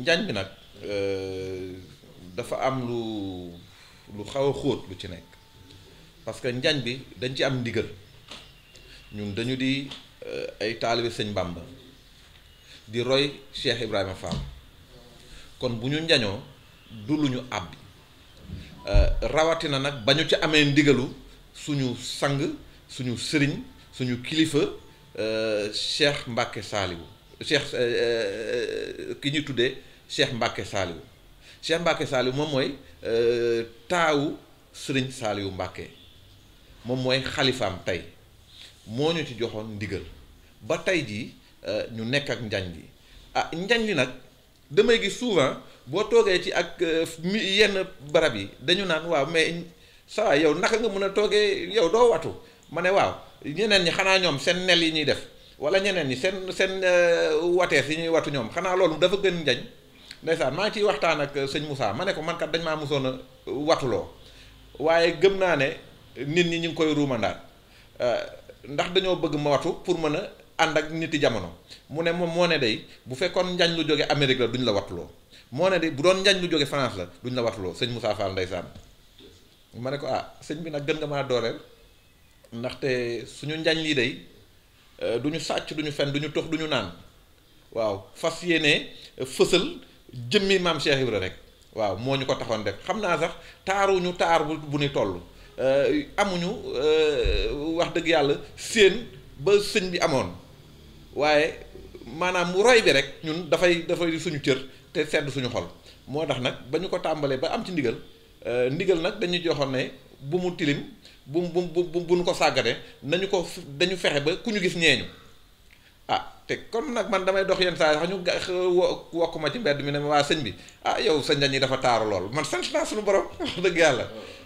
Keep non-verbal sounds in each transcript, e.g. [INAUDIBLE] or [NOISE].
njaañ bi nag euh, dafa am lu lu xaw a xóot lu ci nekk parce que njaañ bi dañ ci am ndigal ñun dañu di euh, ay taalibe sëñ Bàmba di roy Cheikh Ibrahima Fall kon bu ñu njañoo du lu ñu àbbi euh, rawatina nag ba ñu ci amee ndigalu suñu sang suñu sëriñ suñu kilifa Cheikh Mbacke Saliou cheikh euh, euh, ki ñu tuddee cheikh Mbacke Saliou cheikh Mbacke Saliou moom mooy euh, taawu sëriñ Saliou Mbacke moom mooy xalifaam tey moo ñu ci joxoon ndigal ba tey jii ñu nekk ak njañ li ah njañ li nag damay gis souvent boo toogee ci ak yenn barab yi dañu naan waaw mais saa yow naka nga mun a toogee yow doo watu ma ne waaw ñeneen ñi xanaa ñoom seen nel yi ñuy def. wala ñeneen yi seen seen euh, watees si ñuy watu ñoom xanaa loolu dafa gën njañ ndeysaan maa ngi ciy waxtaan ak euh, sëñ Moussa ma ne ko man kat dañ maa mosoon a euh, watuloo waaye gëm naa ne nit ñi ñu ngi koy ruumandaat ndax dañoo bëgg ma watu pour mën a ànd ak niti jamono mu ne moom moo ne day bu fekkoon njañ lu jóge Amérique la duñ la watuloo moo ne day bu doon njañ lu jóge France la duñ la watuloo sëñ Moussa Fall ndeysaan ma ne ko ah sëñ bi nag gën nga maa ndaxte suñu njañ lii day Euh, du ñu sàcc du fen du ñu tox du naan waaw fas yéene euh, fësal jëmmi maam Cheikh Ibra rek waaw moo ñu ko taxoon def xam naa sax taaruñu taar bu bu ni toll euh, amuñu wax dëgg yàlla séen ba sëñ bi amoon waaye maanaam mu roy bi rek ñun dafay dafay suñu cër te sedd suñu xol moo tax nag ba ñu ko tàmbalee ba am ci ndigal ndigal nag dañuy joxoon ne bu mu tilim bu mu bu bu bu nu ko sàggate nañu ko dañu fexe ba ku ñu gis ñeeñu ah te kon nag man damay dox yenn saa sax ñu wokk ma ci mbedd mi ne ma waa sëñ bi ah yow sëñ njañ yi dafa taaru lool man sant naa suñu borom [LAUGHS] wax dëgg yàlla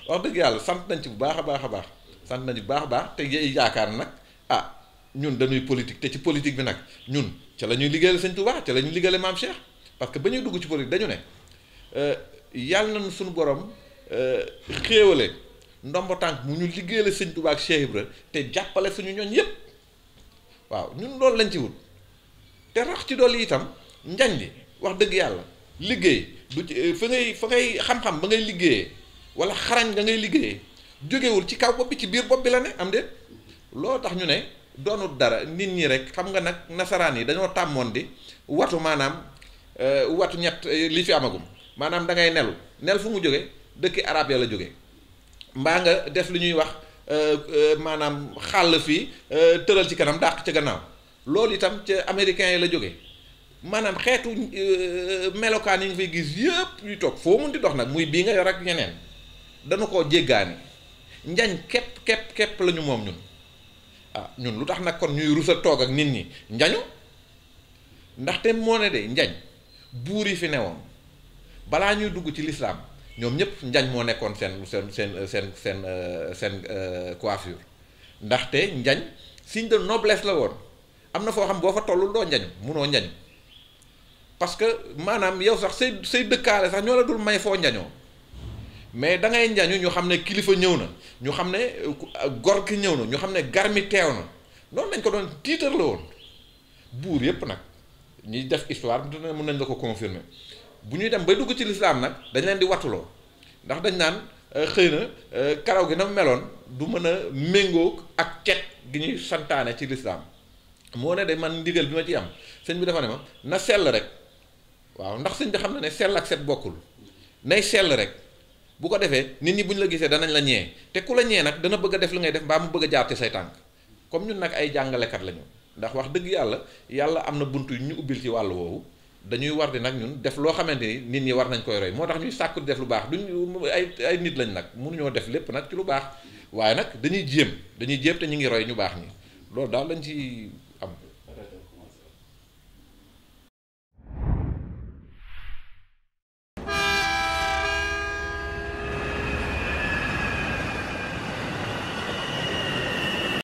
wax dëgg yàlla sant nañ ci bu baax a baax a baax sant nañ ci bu baax a baax te yaakaar nag ah ñun dañuy politique te ci politique bi nag ñun ca la ñuy liggéeyal sëñ Touba ca la ñuy liggéeyal maam Cheikh que ba dugg ci politique dañu ne euh, yàlla nañ suñu borom euh, xéewale ndombo tànk mu ñu liggéeyal sëñ Tuubaa ak Cheikh te jàppale suñu ñoñ yépp waaw ñun loolu lañ ci wut te rax ci dolli itam njañ li wax dëgg yàlla liggéey du ci euh, fa ngay fa ngay xam-xam ba ngay liggéeyee wala xarañ nga ngay liggéeyee jógewul ci kaw bopp bi ci biir bopp bi la ne am déet loo tax ñu ne doonut dara nit ñi rek xam nga nag nasaraan yi dañoo tàmmoon di watu maanaam euh, watu ñett euh, li fi amagum maanaam da ngay nelu nel fu mu jóge dëkki arab ya la jóge mbaa nga def lu ñuy wax euh, euh, maanaam xàll fii euh, tëral ci kanam dàq ca gannaaw loolu itam ci américains yi la jóge maanaam xeetu melokaan yi nga fay gis yëpp yu toog foo mun di dox nag muy bii nga yor ak ñeneen dana ko jéggaani njañ képp képp képp la ñu moom ñun ah ñun lu tax nag kon ñuy rusa toog ak nit ñi njañu ndaxte moo ne de njañ buur yi fi newoon balaa ñuy dugg ci lislaam ñoom ñëpp njañ moo nekkoon seen seen seen seen seen euh, seen euh, coiffure ndaxte njañ siñ de noblesse la woon am na foo xam boo fa tollul doo njañ munoo njañ parce que maanaam yow sax say say dëkkaale sax ñoo la dul may foo njañoo mais da ngay njañu ñu xam ne kilifa ñëw na ñu xam ne gor ki ñëw na ñu xam ne garmi teew na noonu lañ ko doon tiitar la woon buur yépp nag ñi def histoire mun nañ la ko confirmer bu ñuy dem ba dugg ci lislaam nag dañ leen di wattuloo ndax dañ naan euh, xëy na euh, karaw gi na meloon du mën a méngóog ak cet gi ñuy santaane ci lislaam moo ne de man ndigal bi ma ci am sëñ bi dafa ne ma na sell rek waaw ndax sëñ bi xam ne sell ak set bokkul nay sell rek bu ko defee nit ñi bu ñu la gisee danañ la ñee te ku la ñee nag dana bëgg def li ngay def mbaa mu bëgg a jaar ci say tànk comme ñun nag ay jàngalekat lañu ndax wax dëgg yàlla yàlla am na bunt yu ñu ubbil ci wàll woowu dañuy war di nag ñun def loo xamante ni nit ñi war nañ koy roy moo tax ñuy sàkku def lu baax duñ ay ay nit lañ nag mënuñoo def lépp nag ci lu baax waaye nag dañuy jéem dañuy jéem te ñu ngi roy ñu baax ñi loolu daal lañ ci